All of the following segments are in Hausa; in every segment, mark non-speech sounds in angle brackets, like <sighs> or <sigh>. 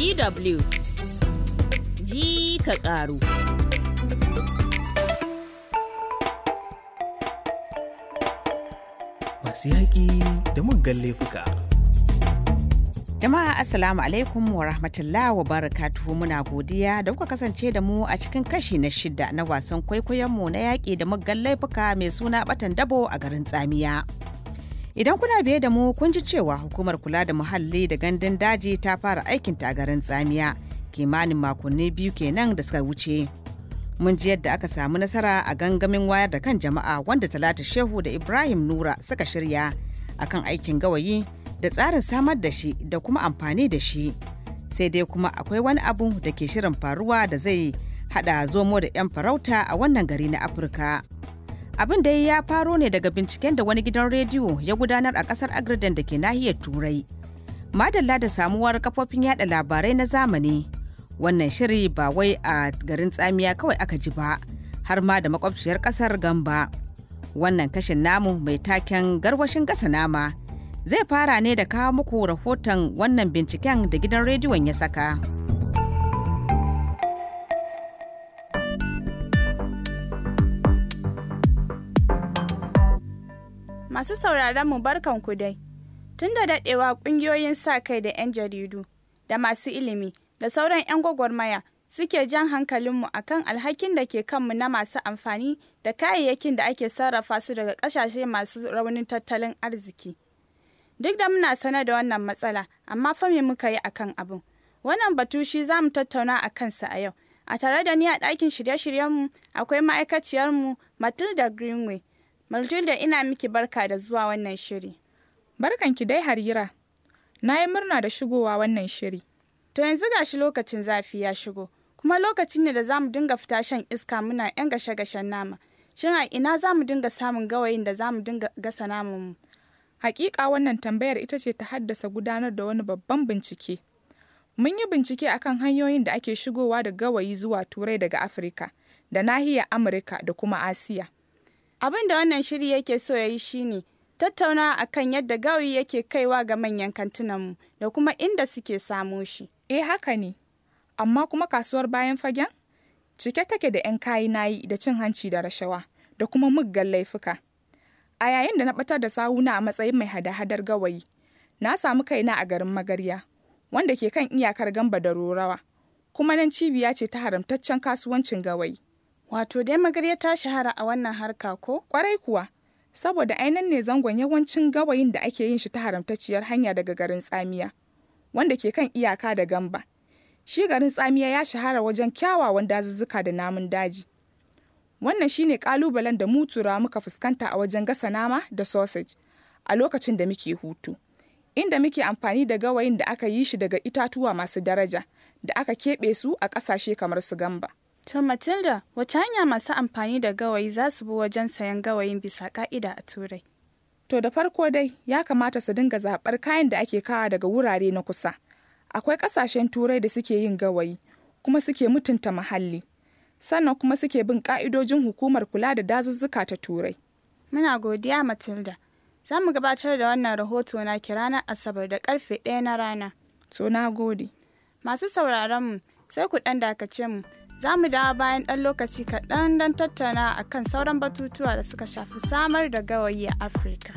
DW ji ka ƙaru. Masu yaƙi da muggan laifuka. Jama'a Assalamu alaikum wa rahmatullah wa barakatuhu muna godiya da kuka kasance da mu a cikin kashi na shida na wasan kwaikwayonmu na yaƙi da muggan laifuka mai suna batan dabo a garin tsamiya. Idan kuna biye da mu kun ji cewa hukumar kula da muhalli da gandun daji ta fara aikin tagarin tsamiya kimanin makonni biyu kenan da suka wuce. Mun ji yadda aka samu nasara a gangamin wayar da kan jama'a wanda Talata Shehu da Ibrahim Nura suka shirya akan aikin gawayi da tsarin samar da shi da kuma amfani da shi. Sai dai kuma akwai wani abu da ke shirin faruwa da zai hada zomo da 'yan farauta a wannan gari na Afirka. abin da ya faro ne daga binciken da wani gidan rediyo ya gudanar a kasar agridan da ke nahiyar turai madalla da samuwar kafofin yada labarai na zamani wannan shiri ba wai a garin tsamiya kawai aka ji ba har ma da makwabciyar kasar gamba wannan kashin namu mai taken garwashin gasa nama zai fara ne da kawo muku rahoton wannan binciken da gidan rediyon ya saka. Masu sauraron mu barkan ku dai. Tun da daɗewa ƙungiyoyin sa kai da 'yan jaridu da masu ilimi da sauran 'yan gwagwarmaya suke jan hankalinmu a kan alhakin da ke kanmu na masu amfani da kayayyakin da ake sarrafa su daga ƙasashe masu raunin tattalin arziki. Duk da muna sane da wannan matsala, amma fa me muka yi akan abin? Wannan batu shi za mu tattauna a kansa a yau. A tare da ni a ɗakin shirye-shiryenmu akwai ma'aikaciyarmu Matilda Greenway Maljunda ina miki barka da zuwa wannan shiri. barkan ki dai harira. Na yi murna da shigowa wannan shiri. To yanzu gashi lokacin zafi ya shigo, kuma lokacin ne da za mu dinga fita shan iska muna 'yan gashe-gashen nama. Shin a ina za mu dinga samun gawayin da za mu dinga gasa mu Hakika wannan tambayar ita ce ta haddasa gudanar da wani babban bincike. Mun yi bincike akan hanyoyin da ake shigowa da gawayi zuwa Turai daga Afirka, da nahiyar Amurka da kuma Asiya. Abin da wannan shiri yake so ya yi shine tattauna akan yadda gawayi yake kaiwa ga manyan kantunanmu da kuma inda suke samu shi. Eh haka ne, amma kuma kasuwar bayan fagen? Cike take da 'yan kayi yi da cin hanci da rashawa da kuma muggan laifuka. A yayin da na ɓatar da sawuna a matsayin mai hada-hadar gawayi, na samu kaina a garin magarya, wanda ke kan iyakar gamba da rorawa, kuma nan cibiya ce ta haramtaccen kasuwancin gawayi. Wato dai magarya ta shahara a wannan harka ko? Kwarai kuwa, saboda ainihin ne zangon yawancin gawayin da ake yin shi ta haramtacciyar hanya daga garin tsamiya, wanda ke kan iyaka da gamba. Shi garin tsamiya ya shahara wajen kyawawan dazuzzuka da namun daji. Wannan shine ƙalubalen da mu tura muka fuskanta a wajen gasa nama da sausage a lokacin da muke hutu. Inda muke amfani da gawayin da aka yi shi daga itatuwa masu daraja da aka keɓe su a ƙasashe kamar su gamba. To Matilda, wace hanya masu amfani da gawayi za su bi wajen sayan gawayin bisa ka'ida a Turai? To da farko dai ya kamata su dinga zaɓar kayan da ake kawa daga wurare na kusa. Akwai ƙasashen Turai da suke yin gawayi kuma suke mutunta muhalli. Sannan kuma suke bin ƙa'idojin hukumar kula da dazuzzuka ta Turai. Muna godiya Matilda. Za mu gabatar da wannan rahoto na ranar Asabar da karfe ɗaya na rana. To na gode. Masu sauraron mu sai ku ɗan dakace mu. za mu dawo bayan ɗan lokaci kaɗan don tattauna a kan sauran batutuwa da suka shafi samar da gawayi a afirka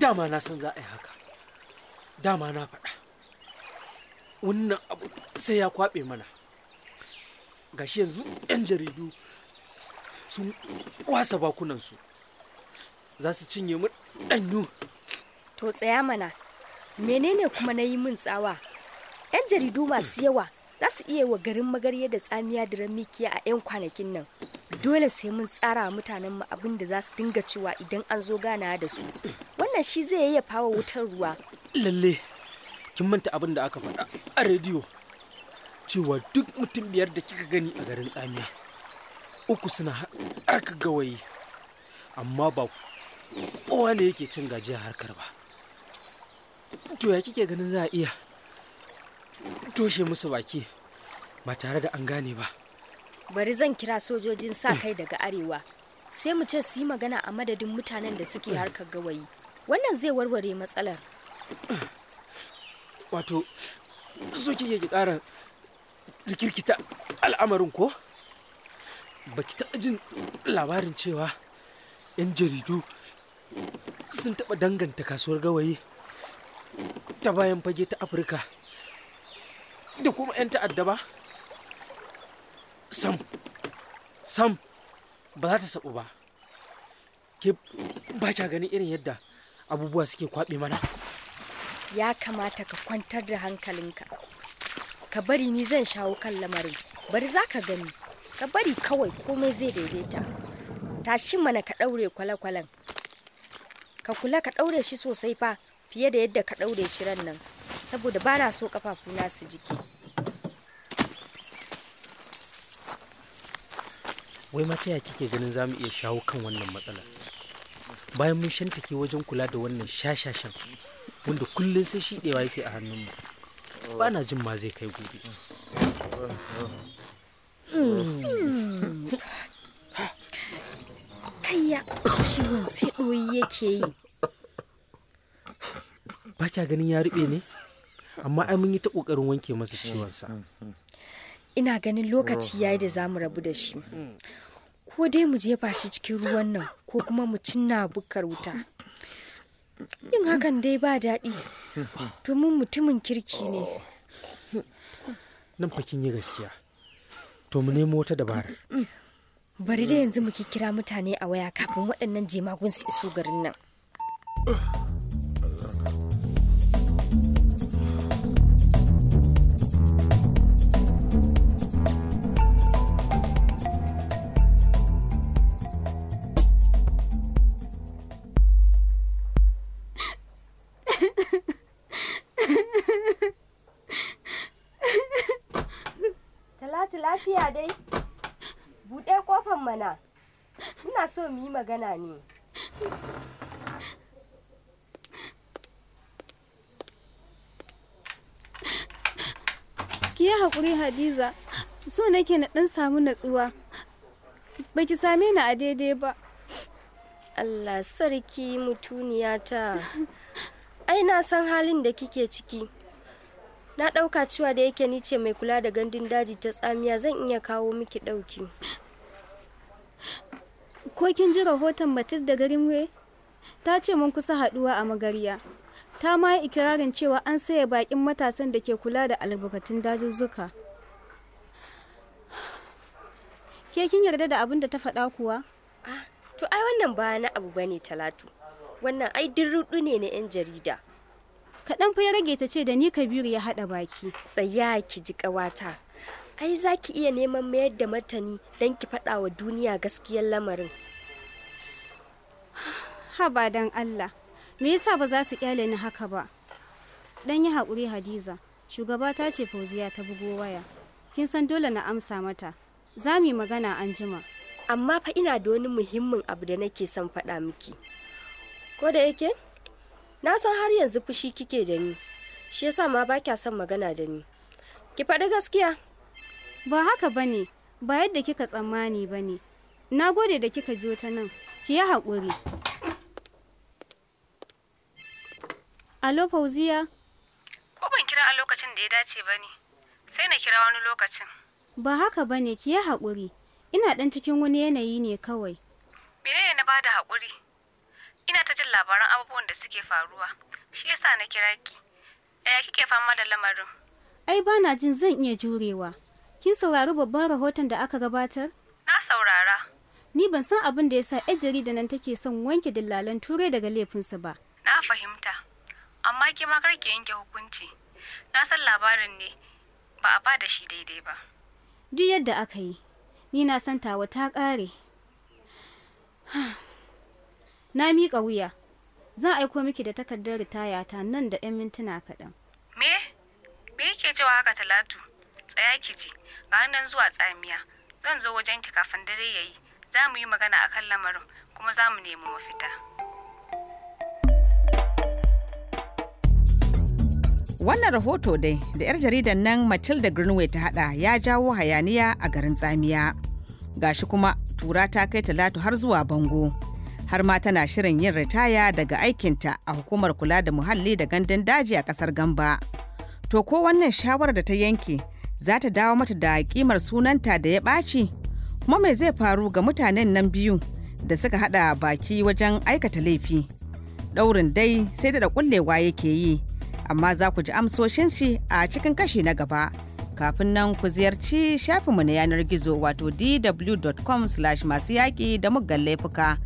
dama na san za a yi haka dama na faɗi wannan abu sai ya kwaɓe mana gashi yanzu 'yan jaridu sun wasa bakunansu za su cinye mu ɗanyu to tsaya mana menene kuma na yi min tsawa 'yan jaridu masu yawa za su iya wa garin magarya da tsamiya da ramikiya a 'yan kwanakin nan dole sai mun tsara mutanen mu abin da za su dinga cewa idan an zo gana da su wannan shi zai yayyafa wa wutar ruwa lalle kin manta abin da aka faɗa a rediyo cewa duk mutum biyar da kika gani a garin tsamiya uku suna harkar gawayi amma ba kowa ne yake cin gajiya harkar ba to ya kike ganin za a iya toshe musu baki ba tare da an gane ba bari zan kira sojojin sa kai daga arewa sai mu ce su yi magana a madadin mutanen da suke harkar gawayi wannan zai warware matsalar wato so kike ki ƙara rikirkita al'amarin ko baki taɓa jin labarin cewa 'yan jaridu sun taɓa danganta kasuwar gawayi ta bayan fage ta afirka da kuma 'yan ta'adda ba sam sam ba za ta saɓu ba ke ba ganin irin yadda abubuwa suke kwaɓe mana ya kamata ka kwantar da hankalinka ka bari ni zan shawo kan lamarin bari za ka gani ka bari kawai komai zai daidaita tashi mana ka ɗaure kwale-kwalen ka kula ka ɗaure shi sosai fa fiye da yadda ka ɗaure shi ran nan saboda ba na so ƙafafuna su jiki. wai mata ya kike ganin za mu iya shawo kan wannan matsalar bayan mun shantake wajen kula da wannan shashashan wanda kullum sai shiɗewa ɗewa yake a mu ba na jin ma zai kai gobe kayya ciwon sai ɗoyi yake yi ba kya ganin ya ruɓe ne amma ai mun yi ta ƙoƙarin wanke masa ciwon sa. ina ganin lokaci ya yi da zamu rabu da shi ko dai mu jefa shi cikin ruwan nan ko kuma mu cinna bukkar wuta yin hakan dai ba daɗi domin mutumin kirki ne nan fakin yi gaskiya to mu nemo wata dabara bari da yanzu muke kira mutane a waya kafin waɗannan jemagun su iso garin nan lafiya dai buɗe kofan mana ina so mu yi magana ne ki yi haƙuri hadiza so nake na ɗan samu natsuwa baki same ni a daidai ba allah sarki mutuniyata ai na san halin da kike ciki na ɗauka cewa da yake ni ce mai kula da gandun daji ta tsamiya zan iya kawo miki ɗauki ko kin ji rahoton batir da we? ta ce mun kusa haɗuwa a magarya ta ma yi ikirarin cewa an saye bakin matasan da ke kula da albarkatun dazuzzuka ke kin yarda da abin da ta faɗa kuwa ah, to ai wannan ba na abu bane talatu wannan ai duk ne na 'yan jarida kaɗan fa ya rage ta ce da ni kabiru ya haɗa baki tsaya ki ji ƙawata ai za ki iya neman mayar da martani don ki faɗa wa duniya gaskiyar lamarin haba don allah me yasa ba za su kyale ni haka ba dan yi haƙuri hadiza shugaba ta ce fauziya ta bugo waya kin san dole na amsa mata za mu yi magana an jima amma fa ina da wani muhimmin abu da nake son faɗa miki ko da yake na san har yanzu fushi kike da ni shi yasa ma ba kya son magana da ni ki faɗi gaskiya ba haka ba ne ba yadda kika tsammani ba ne na gode da kika biyo ta nan ki yi haƙuri alo fauziya ko ban kira a lokacin da ya dace ba ne sai na kira wani lokacin ba haka ba ne ki yi haƙuri ina ɗan cikin wani yanayi ne kawai menene na ba da haƙuri ina ta jin labaran abubuwan da suke faruwa shi yasa na kira ki eh kike fama da lamarin ai ba na jin zan iya jurewa kin saurari babban rahoton da aka gabatar na saurara ni ban san abin da yasa yar jarida nan take son wanke dillalan turai daga laifinsa ba na fahimta amma kima ma karki yanke hukunci na san labarin ne ba a ba da shi daidai ba duk yadda aka yi ni na san tawa ta ƙare <sighs> na miƙa wuya zan aiko miki da takardar ritaya ta nan da 'yan mintuna kaɗan me me yake cewa haka talatu tsaya ki ji nan zuwa tsamiya zan zo wajen ki kafin dare yayi za mu yi magana a kan lamarin kuma za mu nemi mafita wannan rahoto dai da 'yar jaridar nan matilda greenway ta hada ya jawo hayaniya a garin tsamiya gashi kuma tura ta kai talatu har zuwa bango har ma tana shirin yin ritaya daga aikinta a hukumar kula da muhalli da gandun daji a kasar Gamba. To ko wannan shawarar da ta yanke za ta dawo mata da kimar sunanta da ya ɓaci? Kuma mai zai faru ga mutanen nan biyu da suka haɗa baki wajen aikata laifi? Ɗaurin dai sai da ƙullewa yake yi, amma za ku ji amsoshin shi a cikin kashi na gaba. Kafin nan ku ziyarci shafinmu na yanar gizo wato dw.com/masu yaƙi da muggan laifuka.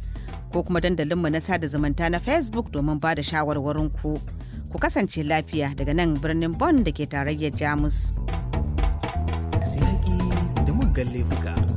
ko kuma dandalinmu na sada zumunta na facebook domin ba da shawarwarinku ku kasance lafiya daga nan birnin Bon da ke tarayyar jamus. Siyaki da